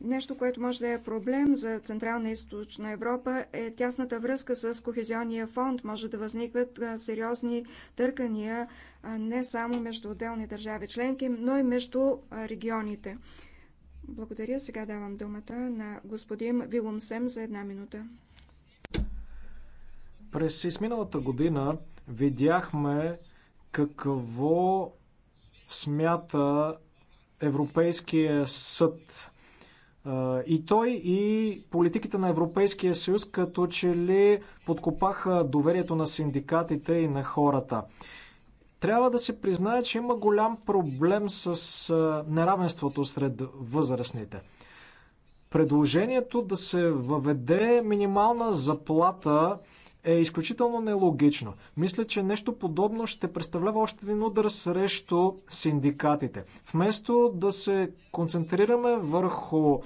Нещо, което може да е проблем за Централна и Източна Европа е тясната връзка с Кохезионния фонд. Може да възникват сериозни търкания не само между отделни държави членки, но и между регионите. Благодаря. Сега давам думата на господин Вилумсем за една минута. През изминалата година видяхме какво смята Европейския съд и той и политиките на Европейския съюз като че ли подкопаха доверието на синдикатите и на хората. Трябва да се признае, че има голям проблем с неравенството сред възрастните. Предложението да се въведе минимална заплата е изключително нелогично. Мисля, че нещо подобно ще представлява още един удар срещу синдикатите. Вместо да се концентрираме върху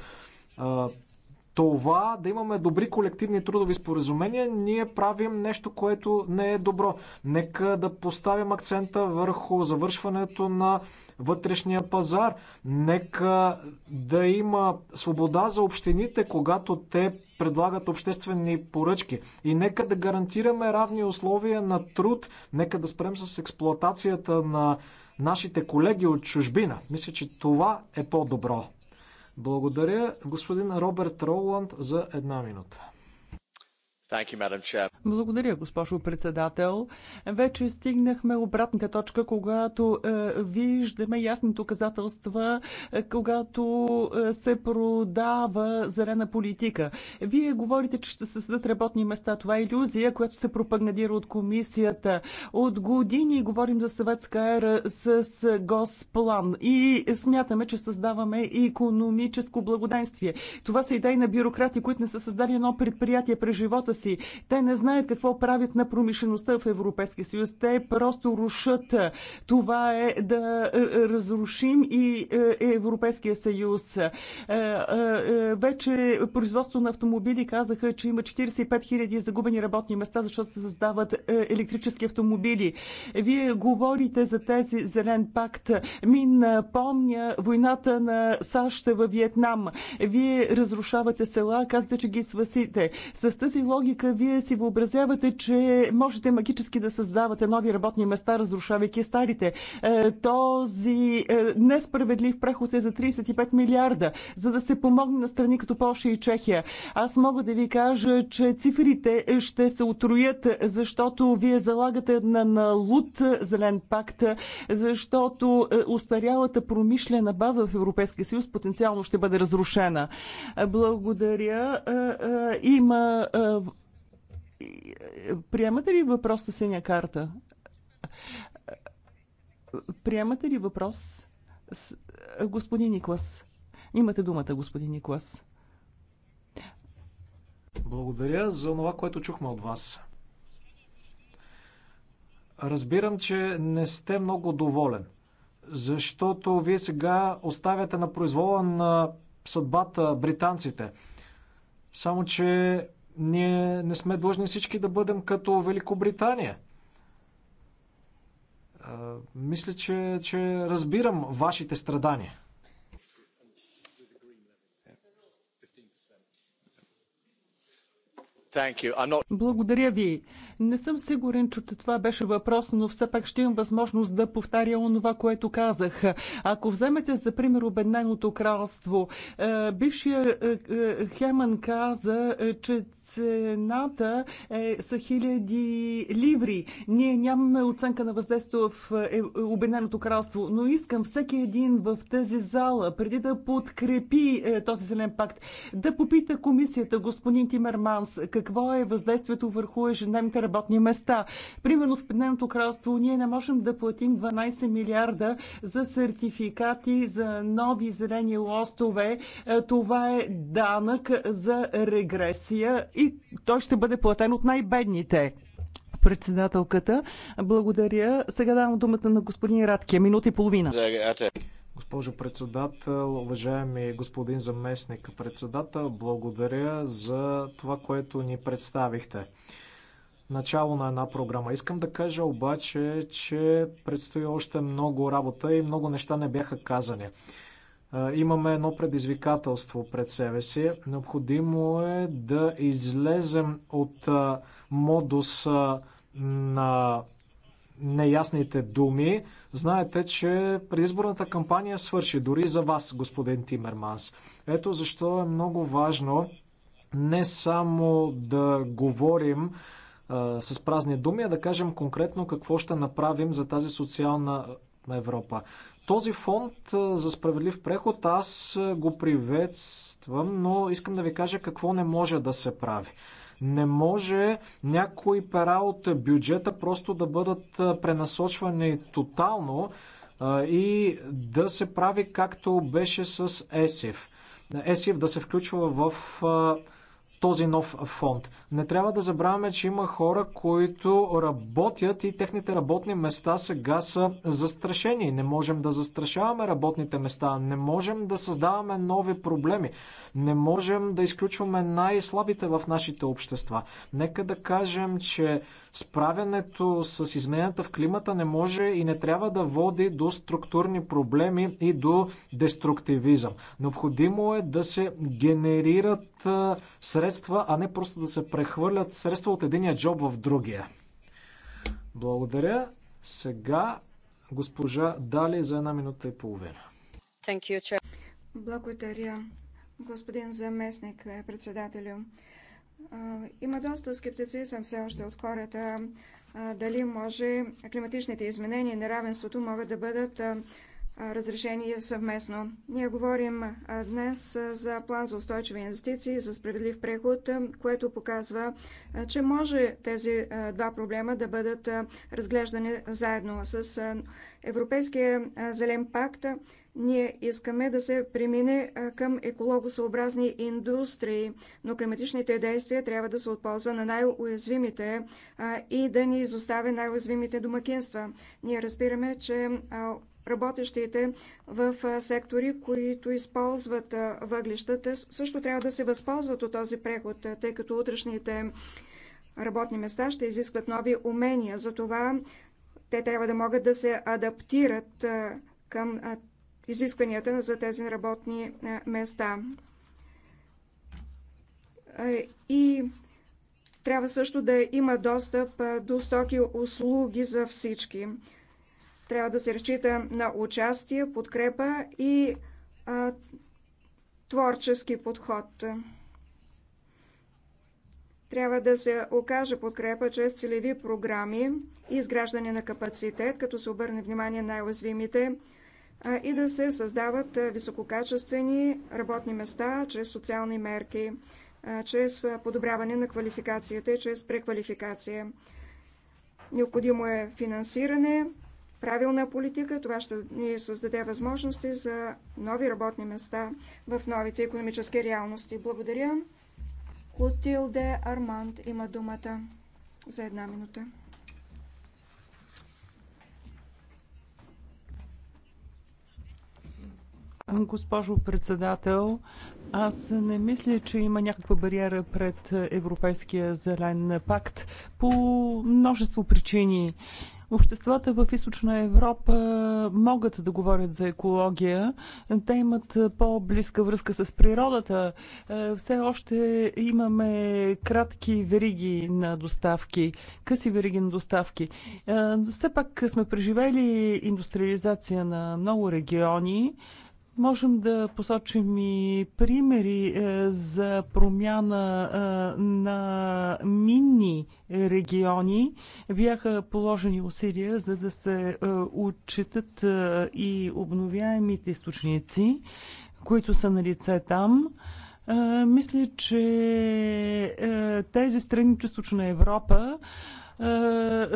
това да имаме добри колективни трудови споразумения, ние правим нещо, което не е добро. Нека да поставим акцента върху завършването на вътрешния пазар. Нека да има свобода за общините, когато те предлагат обществени поръчки. И нека да гарантираме равни условия на труд. Нека да спрем с експлоатацията на нашите колеги от чужбина. Мисля, че това е по-добро. Благодаря господин Роберт Роланд за една минута. Благодаря, госпожо председател. Вече стигнахме обратната точка, когато е, виждаме ясни доказателства, е, когато е, се продава зелена политика. Вие говорите, че ще се създадат работни места. Това е иллюзия, която се пропагандира от комисията. От години говорим за съветска ера с е, госплан и смятаме, че създаваме економическо благоденствие. Това са идеи на бюрократи, които не са създали едно предприятие през живота си си. Те не знаят какво правят на промишлеността в Европейския съюз. Те просто рушат. Това е да е, е, разрушим и е, Европейския съюз. Вече производство на автомобили казаха, че има 45 000 загубени работни места, защото се създават електрически автомобили. Вие говорите за тези зелен пакт. Ми напомня войната на САЩ във Виетнам. Вие разрушавате села, казвате, че ги свасите. С тази логика логика вие си въобразявате, че можете магически да създавате нови работни места, разрушавайки старите. Е, този е, несправедлив преход е за 35 милиарда, за да се помогне на страни като Польша и Чехия. Аз мога да ви кажа, че цифрите ще се отруят, защото вие залагате на, на луд зелен пакт, защото е, устарялата промишлена база в Европейския съюз потенциално ще бъде разрушена. Благодаря. Има Приемате ли въпрос с синя карта? Приемате ли въпрос с господин Никлас? Имате думата, господин Никлас. Благодаря за това, което чухме от вас. Разбирам, че не сте много доволен, защото вие сега оставяте на произвола на съдбата британците. Само, че ние не сме длъжни всички да бъдем като Великобритания. Мисля, че, че разбирам вашите страдания. Not... Благодаря ви. Не съм сигурен, че това беше въпрос, но все пак ще имам възможност да повтаря онова, което казах. Ако вземете за пример Обедненото кралство, е, бившия е, е, Хеман каза, че цената е, са хиляди ливри. Ние нямаме оценка на въздействие в е, Обединеното кралство, но искам всеки един в тази зала, преди да подкрепи е, този зелен пакт, да попита комисията, господин Тимерманс, какво е въздействието върху ежедневните работни места. Примерно в Обединеното кралство ние не можем да платим 12 милиарда за сертификати за нови зелени лостове. Е, това е данък за регресия и той ще бъде платен от най-бедните председателката. Благодаря. Сега давам думата на господин Радкия. Минута и половина. Госпожо председател, уважаеми господин заместник председател, благодаря за това, което ни представихте. Начало на една програма. Искам да кажа обаче, че предстои още много работа и много неща не бяха казани имаме едно предизвикателство пред себе си. Необходимо е да излезем от модус на неясните думи. Знаете, че предизборната кампания свърши дори за вас, господин Тимерманс. Ето защо е много важно не само да говорим а, с празни думи, а да кажем конкретно какво ще направим за тази социална Европа. Този фонд за справедлив преход аз го приветствам, но искам да ви кажа какво не може да се прави. Не може някои пера от бюджета просто да бъдат пренасочвани тотално и да се прави както беше с ЕСИФ. Е, ЕСИФ да се включва в този нов фонд. Не трябва да забравяме, че има хора, които работят и техните работни места сега са застрашени. Не можем да застрашаваме работните места, не можем да създаваме нови проблеми, не можем да изключваме най-слабите в нашите общества. Нека да кажем, че справянето с измененията в климата не може и не трябва да води до структурни проблеми и до деструктивизъм. Необходимо е да се генерират средства, а не просто да се прехвърлят средства от единия джоб в другия. Благодаря. Сега госпожа Дали за една минута и половина. Благодаря, господин заместник е, председателю. Има доста скептицизъм все още от хората дали може климатичните изменения и неравенството могат да бъдат разрешение съвместно. Ние говорим днес за план за устойчиви инвестиции, за справедлив преход, което показва, че може тези два проблема да бъдат разглеждани заедно с Европейския зелен пакт. Ние искаме да се премине към екологосъобразни индустрии, но климатичните действия трябва да са от полза на най-уязвимите и да ни изоставя най-уязвимите домакинства. Ние разбираме, че работещите в сектори, които използват въглищата, също трябва да се възползват от този преход, тъй като утрешните работни места ще изискват нови умения. Затова те трябва да могат да се адаптират към изискванията за тези работни места. И трябва също да има достъп до стоки услуги за всички. Трябва да се разчита на участие, подкрепа и а, творчески подход. Трябва да се окаже подкрепа чрез целеви програми и изграждане на капацитет, като се обърне внимание най-уязвимите и да се създават висококачествени работни места чрез социални мерки, чрез подобряване на квалификацията и чрез преквалификация. Необходимо е финансиране правилна политика. Това ще ни създаде възможности за нови работни места в новите економически реалности. Благодаря. Клотилде Арманд има думата за една минута. Госпожо председател, аз не мисля, че има някаква бариера пред Европейския зелен пакт по множество причини. Обществата в източна Европа могат да говорят за екология. Те имат по-близка връзка с природата. Е, все още имаме кратки вериги на доставки, къси вериги на доставки. Е, все пак сме преживели индустриализация на много региони. Можем да посочим и примери е, за промяна е, на минни региони. Бяха положени усилия за да се е, отчитат и обновяемите източници, които са на лице там. Мисля, че тези страни от източна Европа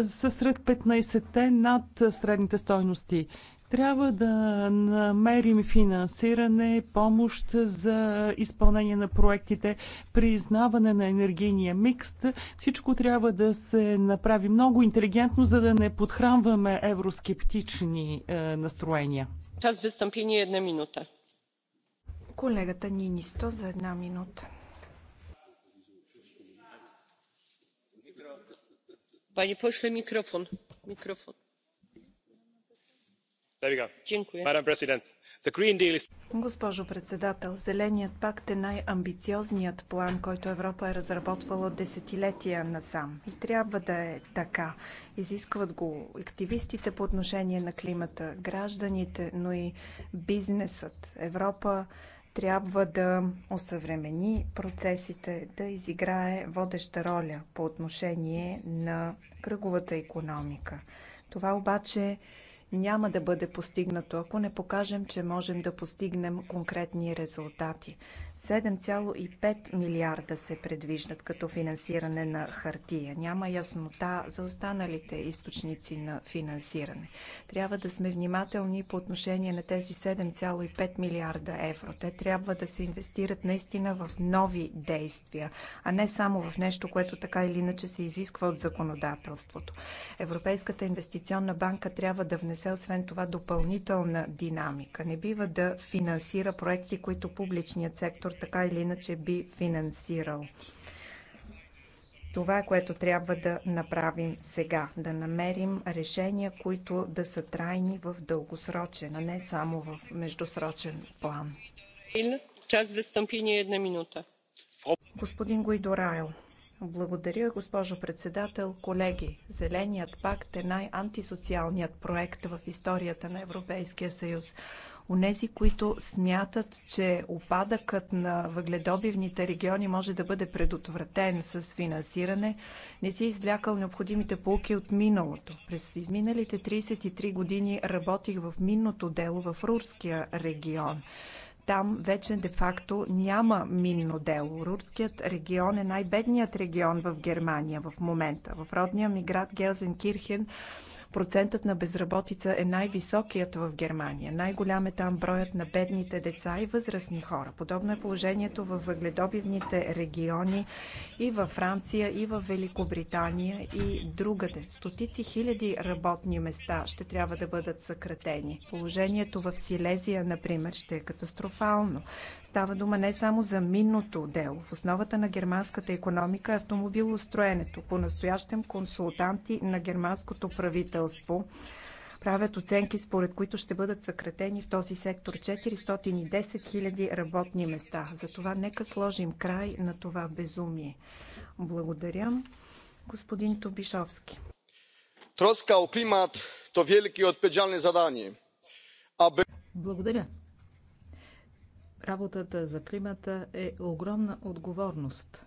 са сред 15-те над средните стойности. Трябва да намерим финансиране, помощ за изпълнение на проектите, признаване на енергийния микс. Всичко трябва да се направи много интелигентно, за да не подхранваме евроскептични е, настроения. Час вистъпление една минута. Колегата Нинисто за една минута. Пани пошли микрофон. Микрофон Госпожо председател, Зеленият пакт е най-амбициозният план, който Европа е разработвала десетилетия насам. И трябва да е така. Изискват го активистите по отношение на климата, гражданите, но и бизнесът. Европа трябва да осъвремени процесите, да изиграе водеща роля по отношение на кръговата економика. Това обаче е няма да бъде постигнато, ако не покажем, че можем да постигнем конкретни резултати. 7,5 милиарда се предвиждат като финансиране на хартия. Няма яснота за останалите източници на финансиране. Трябва да сме внимателни по отношение на тези 7,5 милиарда евро. Те трябва да се инвестират наистина в нови действия, а не само в нещо, което така или иначе се изисква от законодателството. Европейската инвестиционна банка трябва да внесе освен това допълнителна динамика. Не бива да финансира проекти, които публичният сектор сектор така или иначе би финансирал. Това е което трябва да направим сега. Да намерим решения, които да са трайни в дългосрочен, а не само в междусрочен план. Час възстъпление една минута. Господин Гуидо Райл, благодаря, госпожо председател. Колеги, Зеленият пакт е най-антисоциалният проект в историята на Европейския съюз. Онези, които смятат, че опадъкът на въгледобивните региони може да бъде предотвратен с финансиране, не си извлякал необходимите полки от миналото. През изминалите 33 години работих в минното дело в Рурския регион там вече де-факто няма минно дело. Рурският регион е най-бедният регион в Германия в момента. В родния ми град Гелзенкирхен Процентът на безработица е най-високият в Германия. Най-голям е там броят на бедните деца и възрастни хора. Подобно е положението в въгледобивните региони и във Франция, и в Великобритания, и другаде. Стотици хиляди работни места ще трябва да бъдат съкратени. Положението в Силезия, например, ще е катастрофално. Става дума не само за минното дело. В основата на германската економика е автомобилостроенето. По настоящем консултанти на германското правителство правителство правят оценки, според които ще бъдат съкратени в този сектор 410 000 работни места. Затова нека сложим край на това безумие. Благодаря, господин Тобишовски. Троска o климат, то велики i odpowiedzialne zadanie. Благодаря. Работата за климата е огромна отговорност.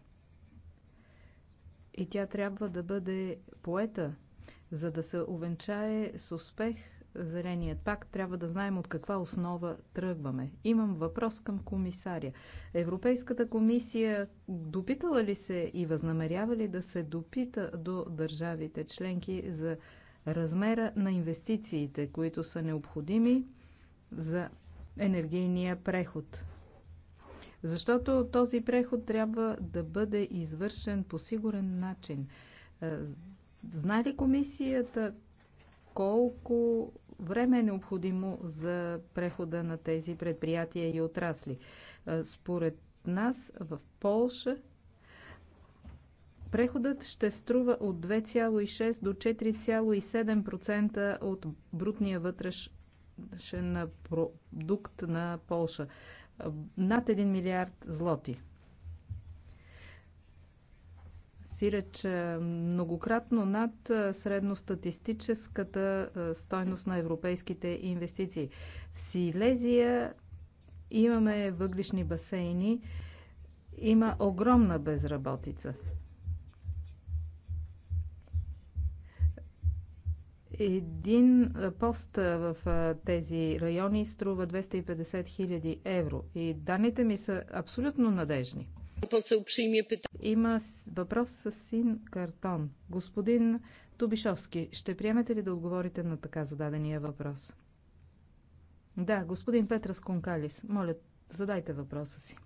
И тя трябва да бъде поета за да се увенчае с успех Зеленият пакт, трябва да знаем от каква основа тръгваме. Имам въпрос към комисаря. Европейската комисия допитала ли се и възнамерява ли да се допита до държавите членки за размера на инвестициите, които са необходими за енергийния преход? Защото този преход трябва да бъде извършен по сигурен начин е, Знае ли комисията колко време е необходимо за прехода на тези предприятия и отрасли? Според нас в Полша преходът ще струва от 2,6 до 4,7% от брутния вътрешен продукт на Полша. Над 1 милиард злоти. сиреч многократно над средностатистическата стойност на европейските инвестиции. В Силезия имаме въглишни басейни, има огромна безработица. Един пост в тези райони струва 250 000 евро и данните ми са абсолютно надежни. Има Въпрос с син картон. Господин Тубишовски, ще приемете ли да отговорите на така зададения въпрос? Да, господин Петрас Конкалис, моля, задайте въпроса си.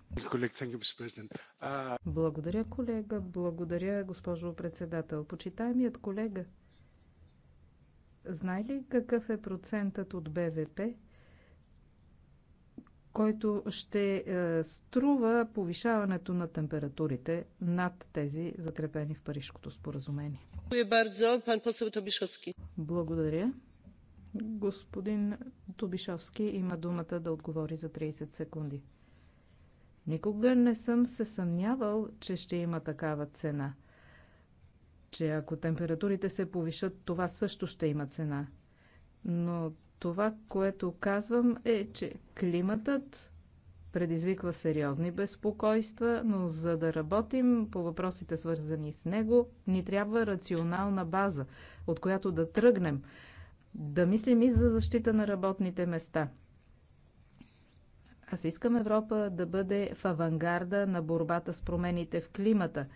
Благодаря, колега. Благодаря, госпожо председател. Почитаемият колега, знае ли какъв е процентът от БВП, който ще е, струва повишаването на температурите над тези закрепени в Парижското споразумение. Благодаря. Господин Тобишовски има думата да отговори за 30 секунди. Никога не съм се съмнявал, че ще има такава цена. Че ако температурите се повишат, това също ще има цена. Но това, което казвам е, че климатът предизвиква сериозни безпокойства, но за да работим по въпросите свързани с него, ни трябва рационална база, от която да тръгнем, да мислим и за защита на работните места. Аз искам Европа да бъде в авангарда на борбата с промените в климата.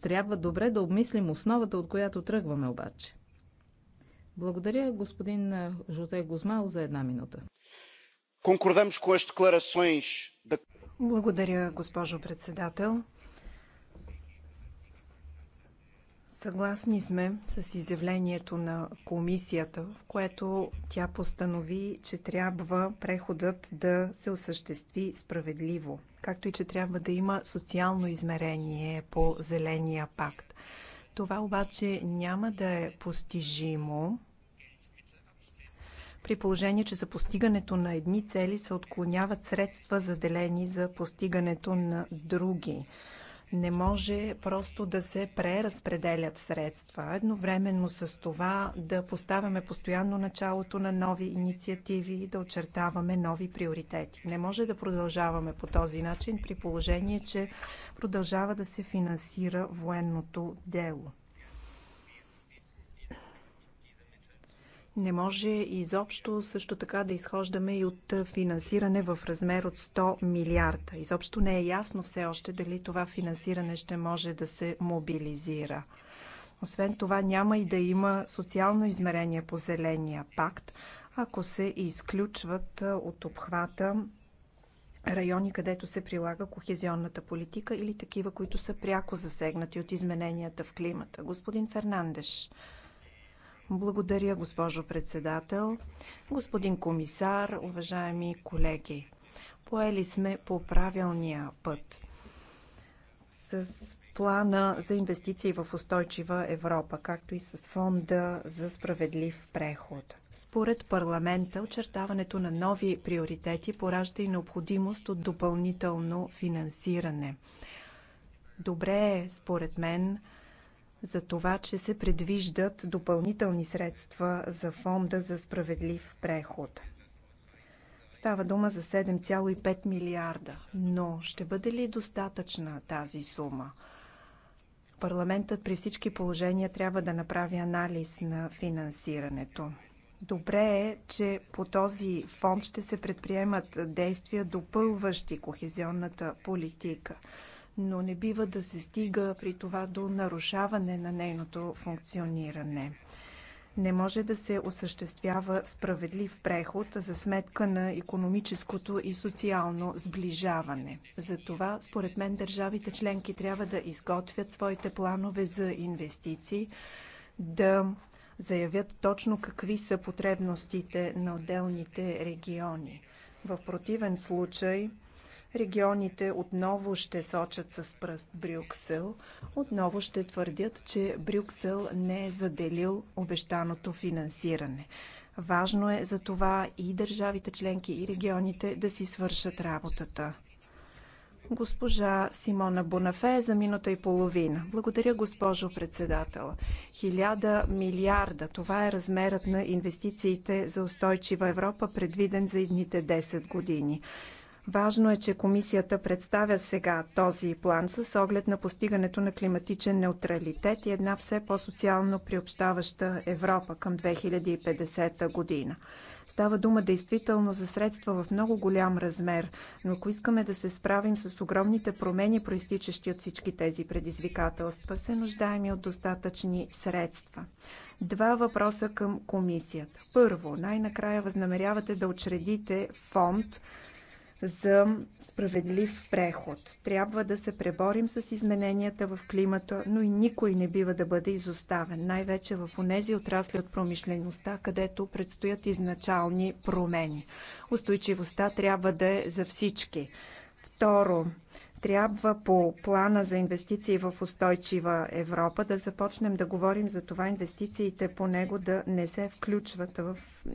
Трябва добре да обмислим основата, от която тръгваме обаче. Благодаря, господин Жозе Гузмал, за една минута. Благодаря, госпожо председател. Съгласни сме с изявлението на комисията, в което тя постанови, че трябва преходът да се осъществи справедливо, както и че трябва да има социално измерение по Зеления пакт. Това обаче няма да е постижимо при положение, че за постигането на едни цели се отклоняват средства, заделени за постигането на други. Не може просто да се преразпределят средства. Едновременно с това да поставяме постоянно началото на нови инициативи и да очертаваме нови приоритети. Не може да продължаваме по този начин при положение, че продължава да се финансира военното дело. Не може изобщо също така да изхождаме и от финансиране в размер от 100 милиарда. Изобщо не е ясно все още дали това финансиране ще може да се мобилизира. Освен това няма и да има социално измерение по Зеления пакт, ако се изключват от обхвата райони, където се прилага кохезионната политика или такива, които са пряко засегнати от измененията в климата. Господин Фернандеш. Благодаря, госпожо председател, господин комисар, уважаеми колеги. Поели сме по правилния път. С плана за инвестиции в устойчива Европа, както и с фонда за справедлив преход. Според парламента, очертаването на нови приоритети поражда и необходимост от допълнително финансиране. Добре е, според мен, за това, че се предвиждат допълнителни средства за фонда за справедлив преход. Става дума за 7,5 милиарда, но ще бъде ли достатъчна тази сума? Парламентът при всички положения трябва да направи анализ на финансирането. Добре е, че по този фонд ще се предприемат действия, допълващи кохезионната политика но не бива да се стига при това до нарушаване на нейното функциониране. Не може да се осъществява справедлив преход за сметка на економическото и социално сближаване. Затова, според мен, държавите членки трябва да изготвят своите планове за инвестиции, да заявят точно какви са потребностите на отделните региони. В противен случай, Регионите отново ще сочат с пръст Брюксел, отново ще твърдят, че Брюксел не е заделил обещаното финансиране. Важно е за това и държавите членки и регионите да си свършат работата. Госпожа Симона Бонафе за минута и половина. Благодаря, госпожо председател. Хиляда милиарда. Това е размерът на инвестициите за устойчива Европа, предвиден за едните 10 години. Важно е, че комисията представя сега този план с оглед на постигането на климатичен неутралитет и една все по-социално приобщаваща Европа към 2050 година. Става дума действително за средства в много голям размер, но ако искаме да се справим с огромните промени, проистичащи от всички тези предизвикателства, се нуждаем и от достатъчни средства. Два въпроса към комисията. Първо, най-накрая възнамерявате да учредите фонд за справедлив преход. Трябва да се преборим с измененията в климата, но и никой не бива да бъде изоставен, най-вече в онези отрасли от промишлеността, където предстоят изначални промени. Устойчивостта трябва да е за всички. Второ, трябва по плана за инвестиции в устойчива Европа да започнем да говорим за това инвестициите по него да не се включват в